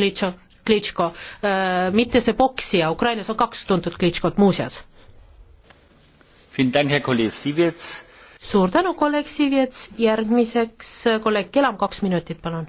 Klitšo, Klitško, äh, mitte see poksija, Ukrainas on kaks tuntud Klitškot muuseas. suur tänu, kolleeg Sivjets, järgmiseks äh, kolleeg Kelam, kaks minutit, palun